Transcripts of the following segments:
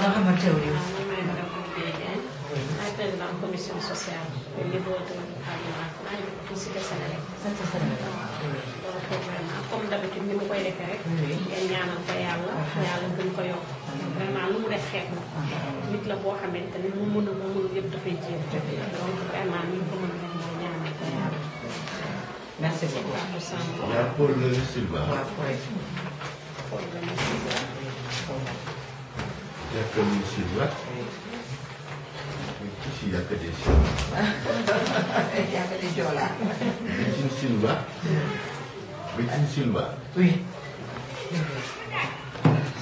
Rahmet Evliya. président commission sociale et libéraux de parlement maa ngi dugg fii cité Sénégal. cité Sénégal. donc vraiment comme d'habitude ni mu koy defee rek. ngeen ñaanal ko yàlla. yàlla gën ko yokk. vraiment lu mu def xeet na. nit la boo xamante ni mu mën a mu mën yëpp dafay jéem. donc vraiment ni ko mën a def mooy ñaanal ko yàlla. merci beaucoup. waaw Paul Silva. waaw Paul Silva. ya ke Musilat itu sih ya ke desa ya ke desa lah bikin silba bikin silba wih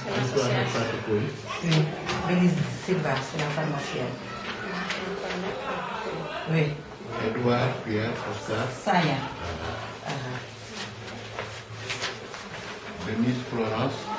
itu anak satu kulit bikin silba sedang farmasi wih Edward ya Oscar saya Denis Florence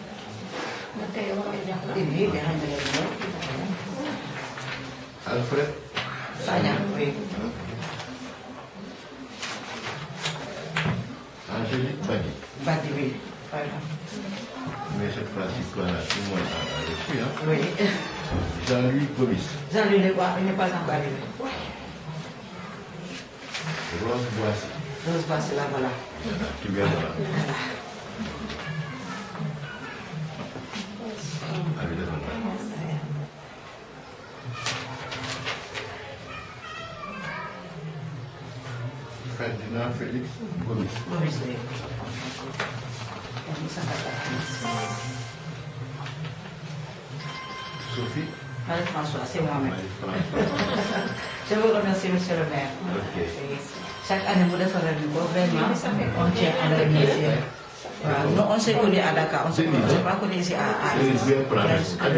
Alfred oui. Angélique Badi Badi, oui, voilà. Mais cette fois-ci, a tout le monde reçu, hein Oui. Jean-Louis Gomis. Jean-Louis il n'est pas encore arrivé. Rose Boissy. Rose Boissy, là, voilà. tu viens de là. Ferdinand Félix Gomis. Sophie Marie-François, c'est moi-même. Je vous remercie, monsieur le maire. Okay. Chaque année, vous êtes un nouveau Vraiment, on tient à la remercier. Nous, on s'est connus à Dakar, on ne s'est pas connus ici à, à,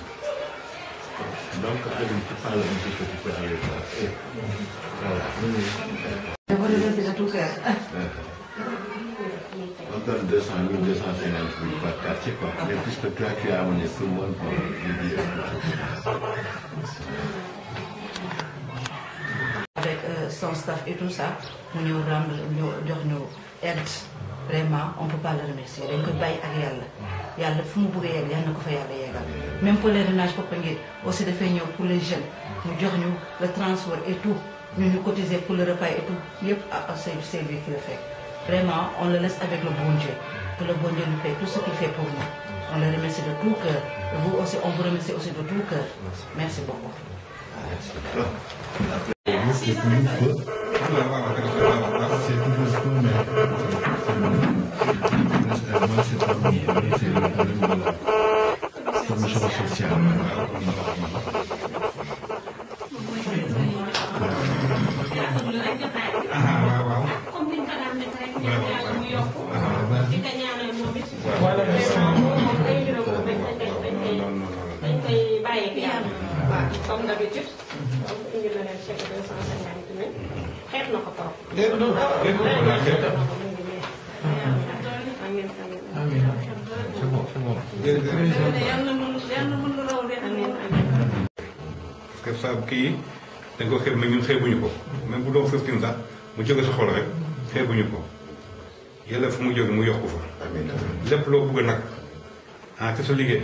Donc, elle ne peut pas le que tu peux aller voir. Voilà. Je vous remercie de tout cœur. On donne 200 000, 250 000 par quartier, quoi. Mais puisque toi, tu as amené tout le monde pour le dire. Avec euh, son staff et tout ça, nous nous rend, nous, nous aide vraiment on ne peut pas le remercier il y a le fond pour réel il y a le yàlla pour ko même pour les même pour les aussi les pour les jeunes pour jox le transport et tout nous nous cotiser pour le repas et tout c'est lui qui le fait vraiment on le laisse avec le bon Dieu que le bon Dieu nous fait tout ce qu'il fait pour nous on le remercie de tout cœur vous aussi on vous remercie aussi de tout cœur merci beaucoup. yokk di ko ñaanal moom it vraiment moom ay mbiram moom dañ koy dañ koy dañ koy bàyyi ak yàlla comme d'habitude donc indi na leen chèque deux cent cinquante mille xeet na ko trop parce que saa kii dañ ko xeeb mais ñun xeebuñu ko même bu doon fifteen sax mu jóge sa xol rek xeebuñu ko yàlla fu mu jóge mu yokku fa lépp loo bëgg nag ah te sa liggéey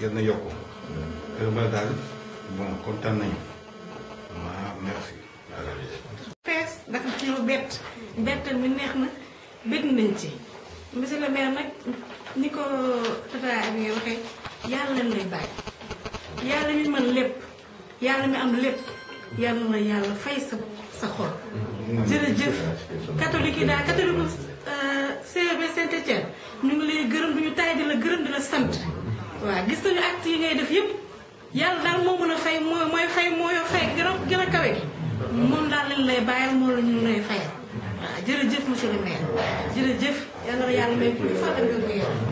yàlla na yokku kër ba daal kontaan nañu waaw merci fees ndax ci lu bett bettal mi neex na bett nañ ci monsieur nag ni ko tata ak ngay waxee yàlla lay bàyyi yàlla mi mën lépp yàlla mi am lépp yàlla na yàlla fay sa sa xol mm-hmm. jërëjëf catholique yi daal catholique Saint-Étienne ñu ngi lay gërëm duñu ñu di la gërëm di la sant waaw gis nañu acte yi ngay def yëpp yàlla daal moo mën a fay mooy mooy fay mooyo fay gën a gën a kawe gi moom daal leen lay bàyyal moo la ñu lay fayal waaw jërëjëf monsieur le maire jërëjëf yàlla na yàlla may ko fàttali nga ko yàlla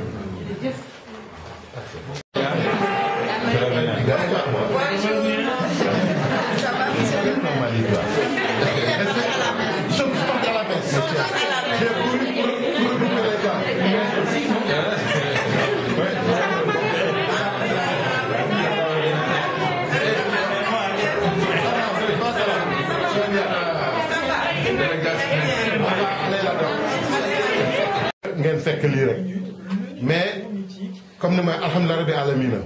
comme ni mooy alhamdulilah rabbi alamina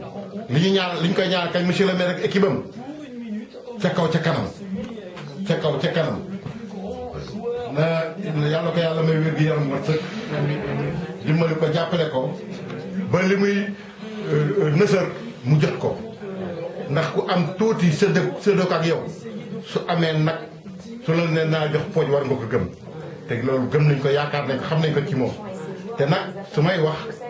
li ñu ñaanal li ñu ñaar liñ kañ ñaar le maire ak équipe am ca kaw ca kanam ca kaw ca kanam na yàlla ko yàlla may wér gi yaram mat sëkk dimbali ko jàppale ko ba li muy euh, nësër mu jot ko ndax ku am tuuti sa dëkk ak yow su amee nag su la ne naa jox pooj war nga ko gëm te loolu gëm nañ ko yaakaar nañ ko xam nañ ko ci moom te nag su may wax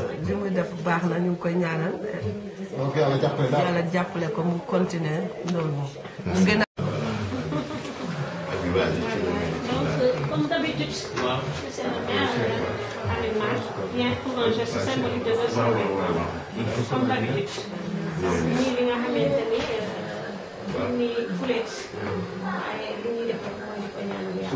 baax na ñu ngi koy ñaanal. donc yàlla jàppale daal yàlla jàppale ko mu continuer loolu moom. gën a. comme d'habitude. c'est le bien pour un geste symbolique de comme d'habitude. nii li nga xamante ni euh, nii fuleet waaye li ñuy def mooy di ko ñaanal yàlla.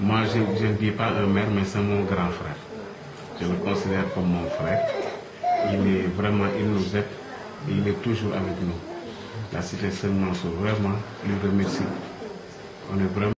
Moi, je, ne dis pas un maire, mais c'est mon grand frère. Je le considère comme mon frère. Il est vraiment, il nous aide, il est toujours avec nous. La cité Saint-Mansour, vraiment, le remercie. On est vraiment